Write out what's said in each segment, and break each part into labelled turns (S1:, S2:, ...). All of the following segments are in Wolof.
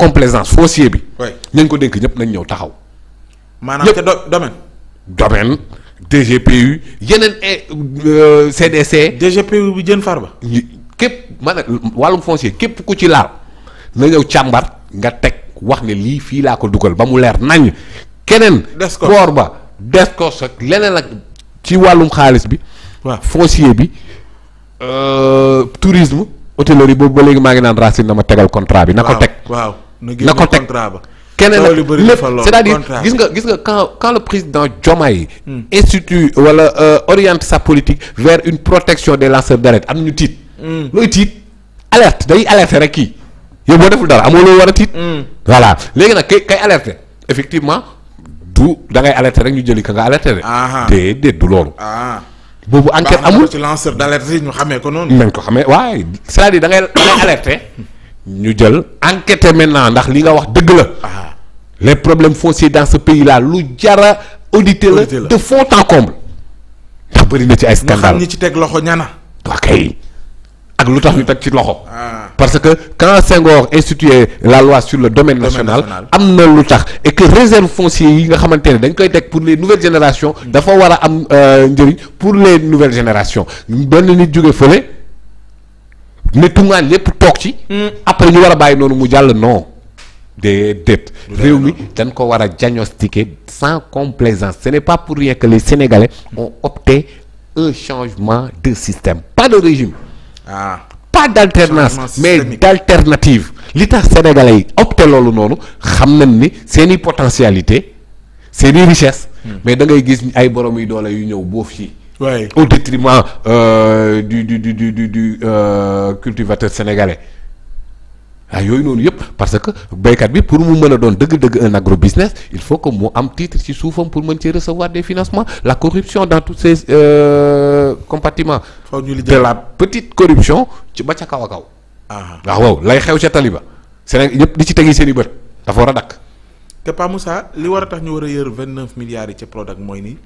S1: complaisance foncier bi. ñañ ko dénk ñëpp nañ ñëw taxaw. maanaam ca domaine. domaine DGPU yeneen CDC. Eh, euh, DGPU bi jën far ba képp maanaam wàllum foncier képp ku ci laal na ñëw càmbar nga teg wax ni lii fii laa ko dugal ba mu leer nañ keneen. boor ba des ko ak leneen ak ci wàllum xaalis bi. waaw foncier bi euh, tourisme. hôtellerie boobu ba léegi maa ngi naan racine na ma tegal contrat bi. na ko teg na ko teg keneen lépp c'est-à-dire gis nga gis nga quand quand le président Diomaye hmm. institue wala euh, oriente sa politique vers une protection des lanceurs d'alerte am ñu tiit hmm. looy tiit alerte day alerter rek kii yow boo deful dara amoo loo war a tiit hmm. voilà léegi nag kay kay alerter effectivement du da ngay alerter rek ñu jëli ka nga alerter de ah, ah. déedéet du loolu ah. boobu enquête amul ci lanceur d'alerte yi ñu xamee ko noonu nañ ko xamee waaye c'est-à-dire da ngay da ñu jël enquêter maintenant ndax li nga wax dëgg la. Ah. les problèmes fonciers dans ce pays la lu jara auditer la de fond en comble. ndax bëri na ci ay scandale ñi ci teg loxo ñana. ok ak lu tax ñu teg ci loxo. Ah. parce que quand Senghor institué la loi sur le domaine national am na lu tax et que réserve foncier yi nga xamante ne dañ koy teg pour les nouvelles générations. Hmm. dafa war a am euh, njëriñ pour les nouvelles générations benn nit jóge fële. ne tungaan lépp toog ci. Hmm. après ñu war a bàyyi noonu mu jàll non. déedéet réew mi dañ ko war a diagnostiquer sans complaisance ce n'est pas pour rien que les Sénégalais ont opté un changement de système pas de régime. ah pas d'alternance mais d'alternative li tax Sénégalais yi opté loolu noonu xam nañ ni seeni potentialité seeni richesse. Hmm. mais da ngay gis ay borom yu doole yu ñëw boof ci waaye au détriment euh, du du du du du du euh, cultivateur sénégalais waaw ah, yooyu noonu yëpp parce que baykat bi pour mu mën a doon dëgg-dëgg un agro business il faut que mu am titre ci suufam pour mën ci recevoir des financements la corruption dans tous ces euh, compartiments de la petite corruption ci ba ca kaw a kaw waaw ah. ah, waaw lay xew ca taliba Sénégal ñëpp di ci teg seen i bët dafa war a dakk te Pa Moussa li war a tax ñu war a yër vingt neuf milliards yi ca Prodac mooy nii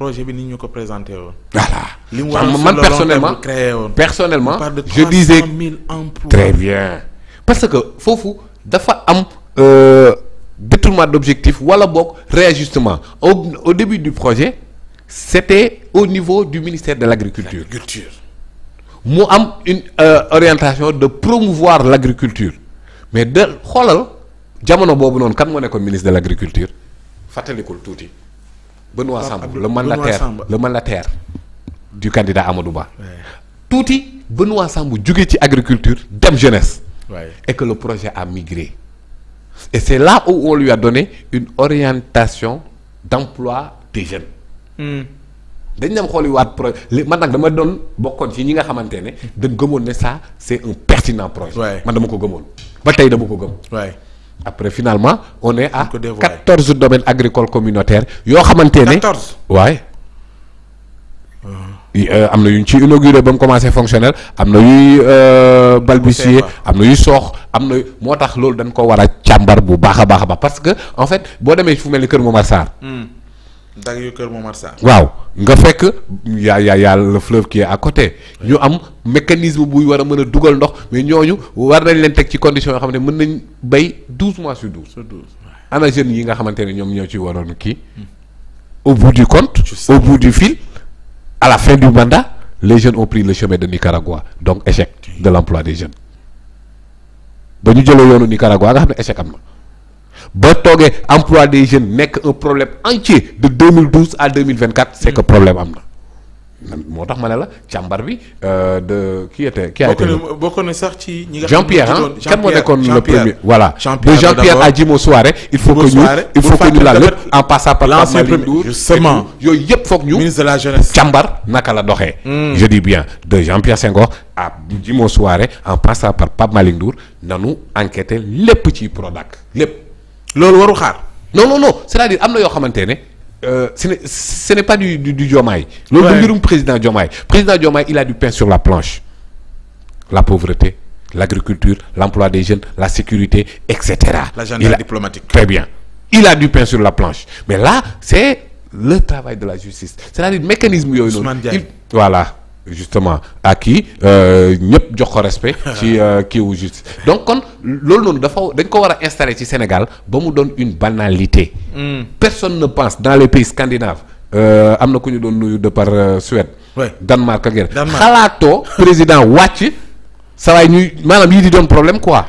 S1: projet bi ni ñu ko présenté woon. voilà li mu man personnellement personnellement je disais très bien parce que foofu dafa am euh, détournement d'objectif wala boog réajustement au début du projet c'était au niveau du ministère de l'agriculture. mu am une euh, orientation de promouvoir l'agriculture mais de xoolal jamono boobu noonu kan moo nekkoon ministre de l'agriculture fàttalikul tuuti. Benoît Sambou le mandataire le mandataire du candidat Amadou Ba. tuuti Benoît Sambou jóge ci agriculture dem jeunesse. et que projet a migré. et c'est là où on lui donné une orientation d'emploi des jeunes. Hmm. dañ dem xooli waat projet li man nag dama doon bokkoon ci ñi nga xamante ne dañ gëmoon ne ça c'est un pertinent projet. man dama ko gëmoon ba tey dama ko gëm. après finalement on est à. 14 domaines agricoles communautaires yoo xamante ne. 14 waaye. Euh. Euh, am na yu ñu ci inauguré ba mu commencé fonctionnel am na yuy euh, balbutier am na yuy soox am na moo tax loolu dañ ko war a càmbar bu baax a baax a parce que en fait boo demee fu mel ni Kër Momar Sarr. Hmm. Dagues Kër Momar waaw nga fekk yaa yaa yaa le fleuve qui est à côté ñu am mécanisme buy war a mën a dugal ndox mais ñooñu war nañ leen teg ci condition yoo xam ne mën nañ béy douze mois sur douze ana jeunes yi nga xamante ne ñoom ñoo ci waroon kii au bout du compte au bout du fil à la fin du mandat les jeunes ont pris le chemin de Nicaragua donc échec de l'emploi des jeunes ba ñu jëloo yoonu Nicaragua nga xam ne échec am na ba toogee emploi des jeunes nekk un problème entier de 2012 à 2024 c'est que mm. problème am na. moo tax ma ne la càmbar bi euh, de qui était qui a été bokk na sax ci ñi nga xam ne Jean-Pierre ah kan moo nekkoon le premier voilà de Jean-Pierre à Jimo Soare il faut que ñu il par l'ancien premier justement yooyu foog ñu ministre de la jeunesse naka la doxee mm. je dis bien de Jean-Pierre Senghor à Jimo Soare en passant par Pape Malick Ndour nanu enquêter lépp ci Prodac lépp loolu waru xaar. non non non c'est-à-dire am na yoo xamante ne. Euh, ce n'est ce n'est pas du du du Diomaye. loolu du mbirum président Diomaye président Diomaye il a du pain sur la planche. la pauvreté l'agriculture l'emploi des jeunes la sécurité et cetera. l'agenda diplomatique très bien. il a du pain sur la planche mais là c'est le travail de la justice c'est-à-dire mécanisme yooyu noonu. Ousmane Diagne voilà. justement ak kii euh, ñëpp jox ko respect. ci euh, kii wu justice donc kon loolu noonu dafa dañ ko war a installer ci Sénégal ba mu doon une banalité. Hmm. personne ne pense dans les pays scandinaves. Euh, am na ku ñu doon nuyu de par Suède. Danemark ak yeneen. xalaatoo président wàcc saa waay ñuy maanaam yii di doon problème quoi.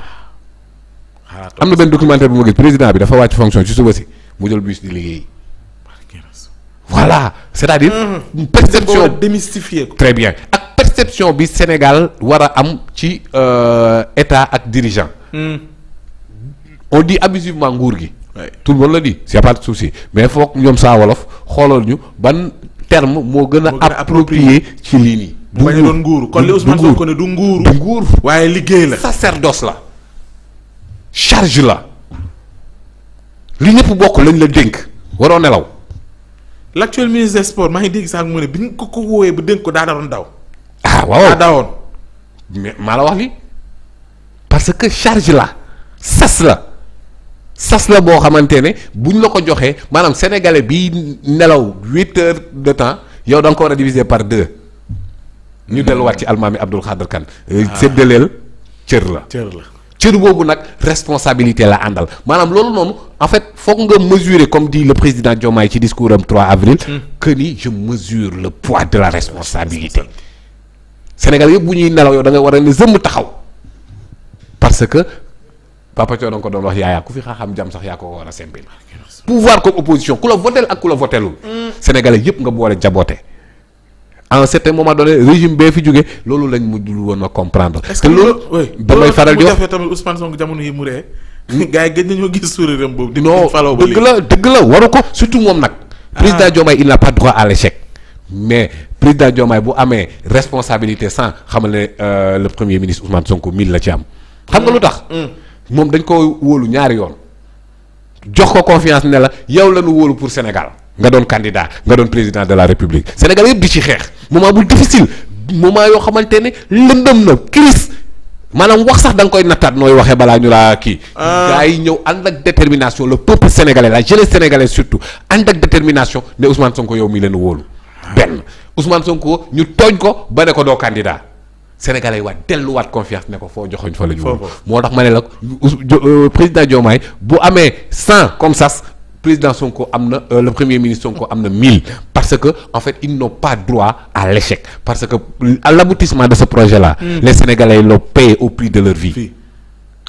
S1: am na benn documentaire bu ma gis président bi dafa wàcc fonction ci suba si mu jël bus di liggéey. voilà c'est-à-dire. Mmh. perception démystifier ko très bi Sénégal war a am ci euh, état ak dirigeant. Mmh. on dit abusivement nguur gi. tout le monde la di c' est pas de mais foog ñoom saa wolof xoolal ñu ban terme moo gën a approprié ci lii nii. du nguur du nguuru. du nguur waaye liggéey la. sacerdoce la charge la li ñëpp bokk lañ la dénk waroo nelaw. l' actuel ministre des maa ngi dégg sax mu ne bi ñu ko ko wooyee ba dénk ko daa doon daw. ah waaw daa daawoon. maa la wax li parce que charge la sas la sas la boo xamante ne buñ la ko joxee maanaam sénégalais bi nelaw huit heures de temps yow da nga ko war a diviser par deux. ñu delluwaat ci almaami Abdoul Xaadir Kan. Ah. séddaleel la cër la. cër boobu nag responsabilité la àndal maanaam loolu noonu en fait foog nga mesurer comme di le président Diomaye ci discours am 3 avril hmm. que ni je mesure le poids de la responsabilité Sénégal yëpp bu ñuy nelaw yow da nga war a ne zëmm taxaw parce que Papa Thion ko doon wax yaayaa ku fi xaaxam jàmm sax yaa ko war a sempil ah, pouvoir comme opposition ku la votel ak ku la votelul hmm. Sénégalais yëpp nga boole jaboote en un certain moment donné régime bee fi jóge loolu lañ mujjul woon a comprendre. te loolu damay faral di wax est-ce que tamit Ousmane Sonko jamono yi mu ree hmm? gars yi gëj nañoo gis sourire am boobu. non dëgg la dëgg la waru ko surtout moom nag. Ah. président Diomaye il n'a pas droit à l'échec mais président Diomaye bu amee responsabilité sans xamal ne euh, le premier ministre Ousmane Sonko mille la ci am. xam nga lu hmm. tax. Hmm. moom dañ ko wóolu ñaari yoon. jox ko confiance ne la yow la ñu wóolu pour Sénégal. nga doon candidat nga doon président de la République Sénégal yëpp di ci xeex. moment bu difficile moment yoo xamante ne lëndëm na crise maanaam wax sax da nga koy nattaat nooy waxee balaa ñu laa kii. Ah. gars ñëw ànd ak détermination le peuple sénégalais la jeunesse sénégalaise surtout ànd ak détermination ne Ousmane Sonko yow mi leen woolu ah. benn Ousmane Sonko ñu tooñ ko ba ne ko doo candidat sénégalais yi waat delluwaat confiance ne ko foo joxoñ fa la moo tax ma ne la euh, président Diomaye bu amee 100 comme ça président Sonko am na euh, le premier ministre Sonko am na mil parce que en fait ils n'ont pas droit à l'échec parce que à l'aboutissement de ce projet là hmm. les Sénégalais l'ont payé au prix de leur vie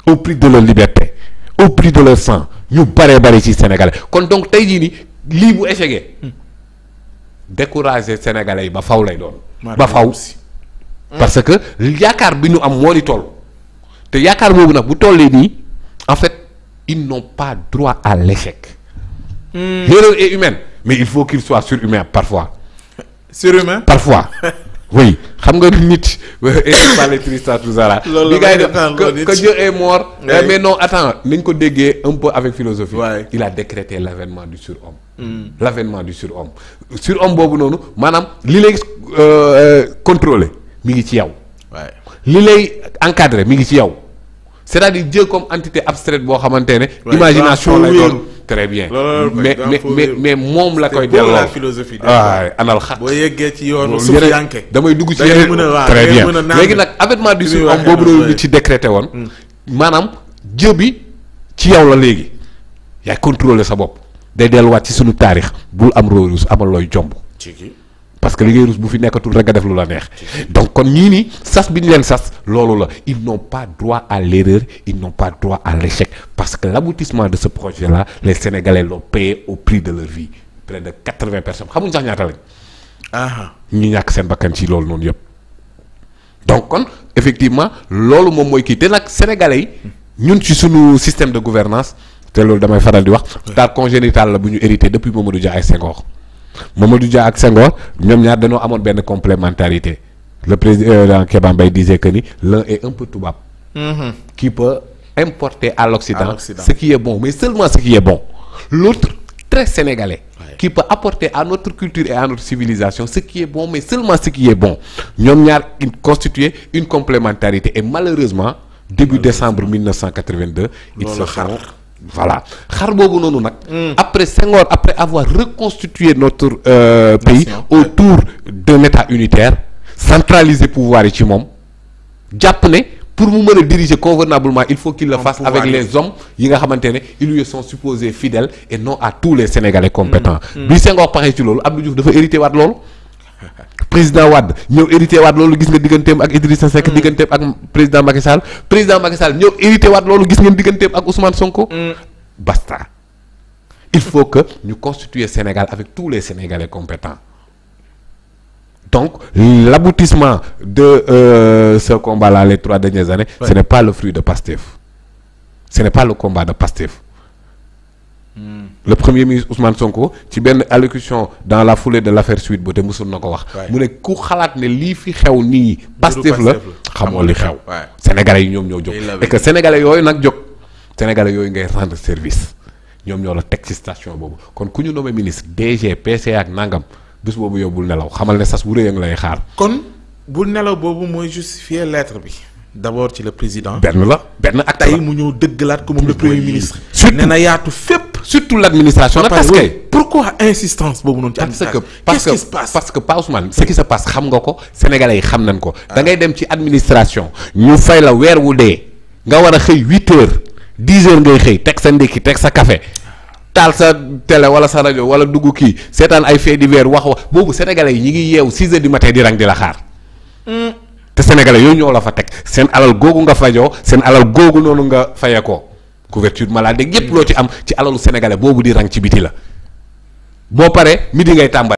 S1: au prix de leur liberté au prix de leur sang ñu bare bare ci Sénégalais kon donc tey jii nii lii bu échecgee hmm. décourager Sénégalais yi ba faw lay doon ba faw hmm. parce que yaakaar bi ñu am moo di toll te yaakaar boobu nag bu tollee nii en fait ils n'ont pas droit à l'échec l'erreur hmm. est humaine mais il faut qu'il soit surhumain parfois. surhumain parfois. oui xam nga nit. loolu la di que Dieu est mort. Eh, mais non attends nañ ko déggee un peu avec philosophie. il a décrété l' avènement du surhomme. Hmm. l' avènement du sur surhomme boobu noonu maanaam li lay euh, euh, contrôler mi ngi ci yow. li lay encadrer mi ngi ci yow. c' est à dire Dieu comme entité abstraite boo xamante ne. imagination lay doon très bien. mais mais mais moom la koy. delloo la philosophie. Ah, anal xaq boo yeggee ci yoonu. suufiyanke damay dugg ci yeneen très bien léegi nag avènement di suuf am boobu loolu nit ci décrété woon. Hmm. maanaam jë bi ci yow la léegi yaay contrôler sa bopp. day delluwaat ci suñu taarix bul am réew amal looy jomb. parce que li ngay bu fi nekkatul rek nga def lu la neex donc kon ñii nii sas bi ñu leen sas loolu la ils n'ont pas droit à l'erreur ils n'ont pas droit à l'échec parce que l'aboutissement de ce projet là les sénégalais l'ont payé au prix de leur vie près de personnes xamuñ sax ñaata lañ ñu ñàkk seen bakkan ci loolu noonu yëpp donc kon effectivement loolu moom mooy kii te nag sénégalais yi ñun ci suñu système de gouvernance te loolu damay faral di wax. daal congénital la bu ñu hérité depuis Mamadou Dia ay du Dia ak Senghor ñoom ñaar dañoo amoon benn complémentarité le président euh, Kéba Mbaye disait que ni l'un est un tubaab. Mm-hmm. qui pa importer à l'Occident ce qui est bon mais seulement ce qui est bon l'autre très sénégalais qui culture et à notre civilisation ce qui est bon mais seulement ce qui est bon ñoom ñaar constituer une complémentarité et malheureusement début décembre 1982 ils se voilà xar boobu noonu nag. après Senghor après avoir reconstitué notre euh, pays autour de état unitaire centraliser pouvoir yi ci moom jàpp ne pour mu mën a diriger convenablement il faut qu'il le fasse avec les hommes yi nga xamante ne ils lui sont supposés fidèles et non à tous les Sénégalais compétents. Mm. Mm. bi Senghor paree ci loolu Abdou Diouf dafa hérité waat loolu. président Wade ñëw hérité waat loolu gis nga digganteem ak Idrissa Seck. Mm. digganteem ak président Macky Sall. président Macky Sall ñëw hérité waat loolu gis ngeen digganteem ak Ousmane Sonko. Mm. basta il faut que ñu constituer Sénégal avec tous les Sénégalais compétents donc l'aboutissement de euh, ce combat-là les trois dernières années. Ouais. ce n'est pas le fruit de Pastef ce n'est pas le combat de Pastef. le premier ministre Ousmane Sonko ci benn allocution dans la foulée de l' affaire Sweet Beauté mosul na ko wax. mu ne ku xalaat ne lii fi xew nii. Pastef la xamoo li xew. Sénégalais yi ñoom ñoo jóg. et que Sénégalais yooyu nag jóg. Sénégalais yooyu ngay rendre service ñoom ñoo la teg ci station boobu kon ku ñu nommé ministre DG PC ak nangam bés boobu yow bul nelaw xamal ne sas bu rëy lay xaar. kon bu nelaw boobu mooy justifier lettre bi. d' abord ci le président. benn la benn ak tey mu ñëw dëggalaat ko moom le surtout l' administration. na tas kay pourquoi insistance boobu noonu. ci administration parce que parce Pa Ousmane ce qui se passe xam nga ko sénégalais yi xam nañ ko. Ah. da ngay dem ci administration ñu fay la weer wu dee nga war a xëy huit heures dix heures ngay xëy teg sa ndékki teg sa kafe taal sa tele wala sa rajo wala dugg kii seetaan ay faits divers wax wax boobu sénégale yi ñi ngi yeew six heures du matin di rang di la xaar. Hmm. te sénégalais yooyu ñoo la fa teg seen alal googu nga fajoo seen alal googu noonu nga fayee ko couverture maladie yépp loo ci am ci alalu sénégalais boobu di rang ci biti la boo paree midi ngay tàmbali.